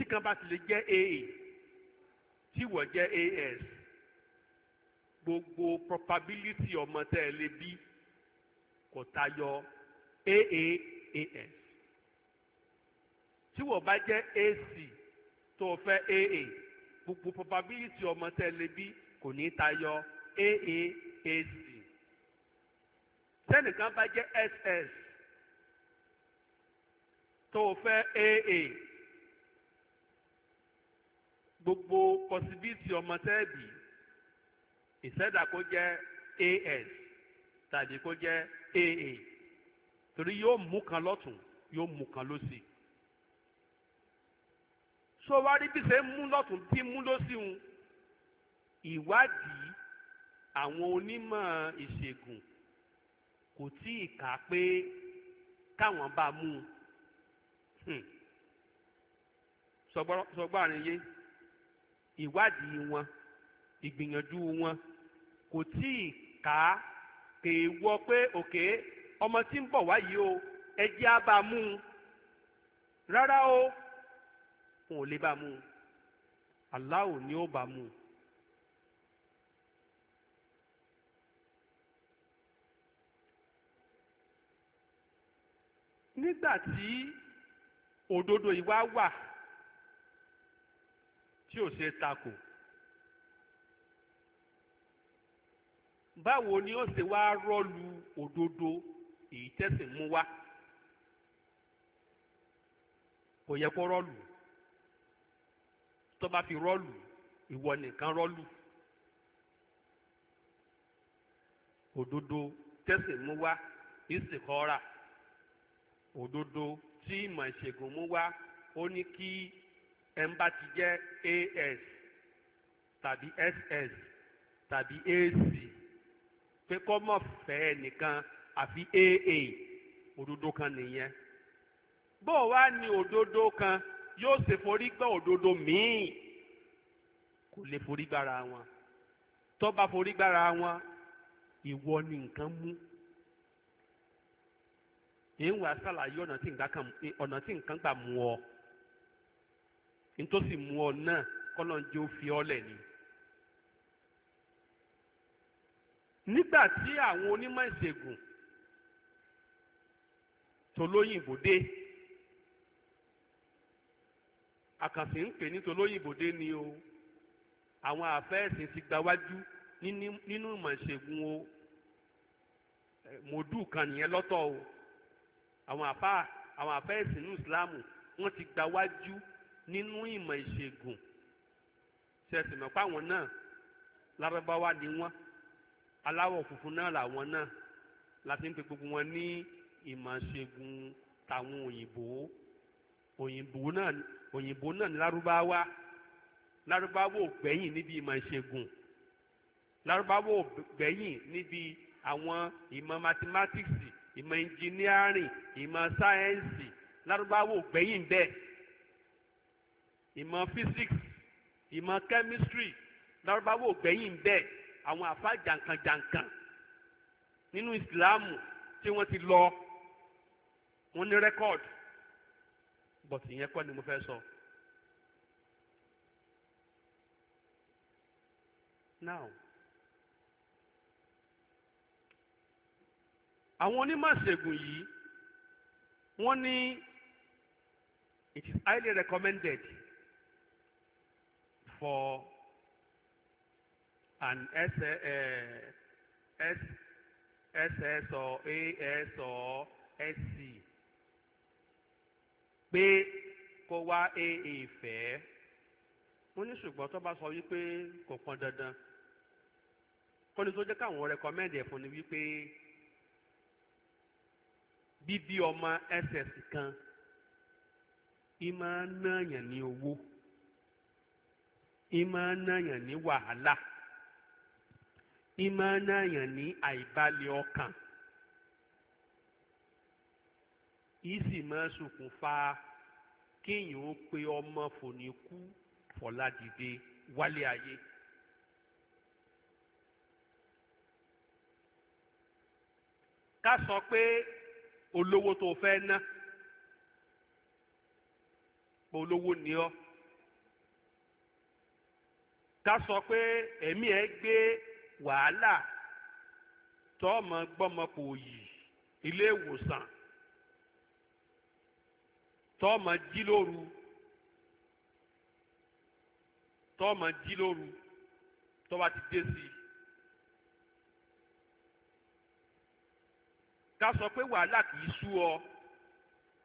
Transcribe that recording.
tí kan bá ti lè jẹ́ aa tí wọ́n jẹ́ as gbogbo probability ọmọ tẹ́ ẹ lè bí kò tayọ aaas tí wọ́n bá jẹ́ ac tó o fẹ́ aa gbogbo probability ọmọ tẹ́ ẹ lè bí kò ní tayọ aaac tẹ́nìkan bá jẹ́ ss tó o fẹ́ aa gbogbo pọsibítì ọmọ tẹ́ẹ̀bì ìṣẹ̀dá kó jẹ́ as tàbí kó jẹ́ aa torí yóò mú kan lọ́tún yóò mú kan lósì so wá rí bí ṣe ń mú lọ́tún tí mú lósì ń ìwádìí àwọn onímọ̀ ìṣègùn kò tí ì kà pé káwọn bá mú un hmm. sọgbọ́n àárín yé. So, ìwádìí wọn ìgbìyànjú wọn kò tí ì ká kè é wọ pé òkè ọmọ tí ń bọ̀ wáyé o ẹ á bá a mú un rárá o wọn ò lè bá a mú un Allah ni ó bá a mú un. nígbà tí òdodo yìí wà tí ò ṣe takò báwo ni ó ṣe wá rọ́ọ̀lù òdodo èyí tẹ́sìn mú wá kò yẹ kó rọ́ọ̀lù tó bá fi rọ́ọ̀lù ìwọ nìkan rọ́ọ̀lù òdodo tẹ́sìn mú wá ìsìkọ́ra òdodo tí ìmọ̀ ìṣègùn mú wá ó ní kí ẹn ti jẹ́ as tàbí ss tàbí ac pé kọ́ mọ̀ fẹ́ nìkan àfi aa òdodo kan nìyẹn bó o wá ní òdodo kan yóò ṣe forí gbọ́ òdodo míì kò lè forí gbára wọn tọba bá forí gbára wọn ìwọ ni nǹkan mú èèwọ̀ àṣàlàyé ọ̀nà tí nǹkan gbà mú ọ. nítòsí mú ọ náà kọ́lọ́njẹ́ ó fi ọ́ lẹ̀ ni. nígbà tí àwọn onímọ̀ ìṣègùn tolóyìnbó dé àkànṣe ń pè ní tolóyìnbó dé ni o àwọn àfẹ́ẹ̀sìn ti gbáwájú nínú ìmọ̀ ìṣègùn o mòdù kan nìyẹn lọ́tọ̀ o àwọn àfẹ́ẹ̀sìn ní ìsìláàmù wọ́n ti gbáwájú nínú ìmọ̀ ìṣègùn ṣẹ̀sìmọ̀ páwọn náà lárúbáwá ni wọ́n aláwọ̀ funfun náà làwọn náà láti ń pe gbogbo wọn ní ìmọ̀ ìṣègùn tàwọn òyìnbó òyìnbó náà òyìnbó náà ni lárúbáwá lárúbáwá ò gbẹ̀yìn níbi ìmọ̀ ìṣègùn lárúbáwá ò gbẹ̀yìn níbi àwọn ìmọ̀ mathematics ìmọ̀ engineering ìmọ̀ sáyẹ́ǹsì lárúbáwá ò gbẹ̀yìn bẹ́ẹ̀ ìmọ̀ physics ìmọ̀ chemistry lárúbáwò gbẹ̀yìn bẹ́ẹ̀ àwọn àfa jàǹkànjàǹkàn nínú ìsìláàmù tí wọ́n ti lọ wọ́n ní rẹ́kọ̀d But ìyẹn kọ́ ni mo fẹ́ sọ. now àwọn onímọ̀ ìṣègùn yìí wọ́n ní it is highly recommended for an S, uh, S, SS or AS or SC pé kó wá AA fẹ́ wọ́n ní ṣùgbọ́n tó bá sọ wípé kò pọn dandan kó ní tó jẹ́ káwọn rẹkọmẹ́ndì ẹ̀ fún ni wípé bíbí ọmọ SS kan ìmọ̀ náà yàn ní ìmọ̀ náyàn ní wàhálà ìmọ̀ náyàn ní àìbalẹ̀ ọkàn yìí sì máa ṣokùnfà kéèyàn ó pe ọmọ fòníkú fọládìde wálé ayé. ká sọ pé olówó tó fẹ́ ná olówó ni ọ́ ká sọ pé ẹ̀mí ẹ gbé wàhálà tọ́ọ̀mọ gbọ́mọpò yìí ilé ìwòsàn tọ́ọ̀mọ jí lóru tọ́ọ̀mọ jí lóru tọ́ba ti dé sí i. ká sọ pé wàhálà kì í sú ọ.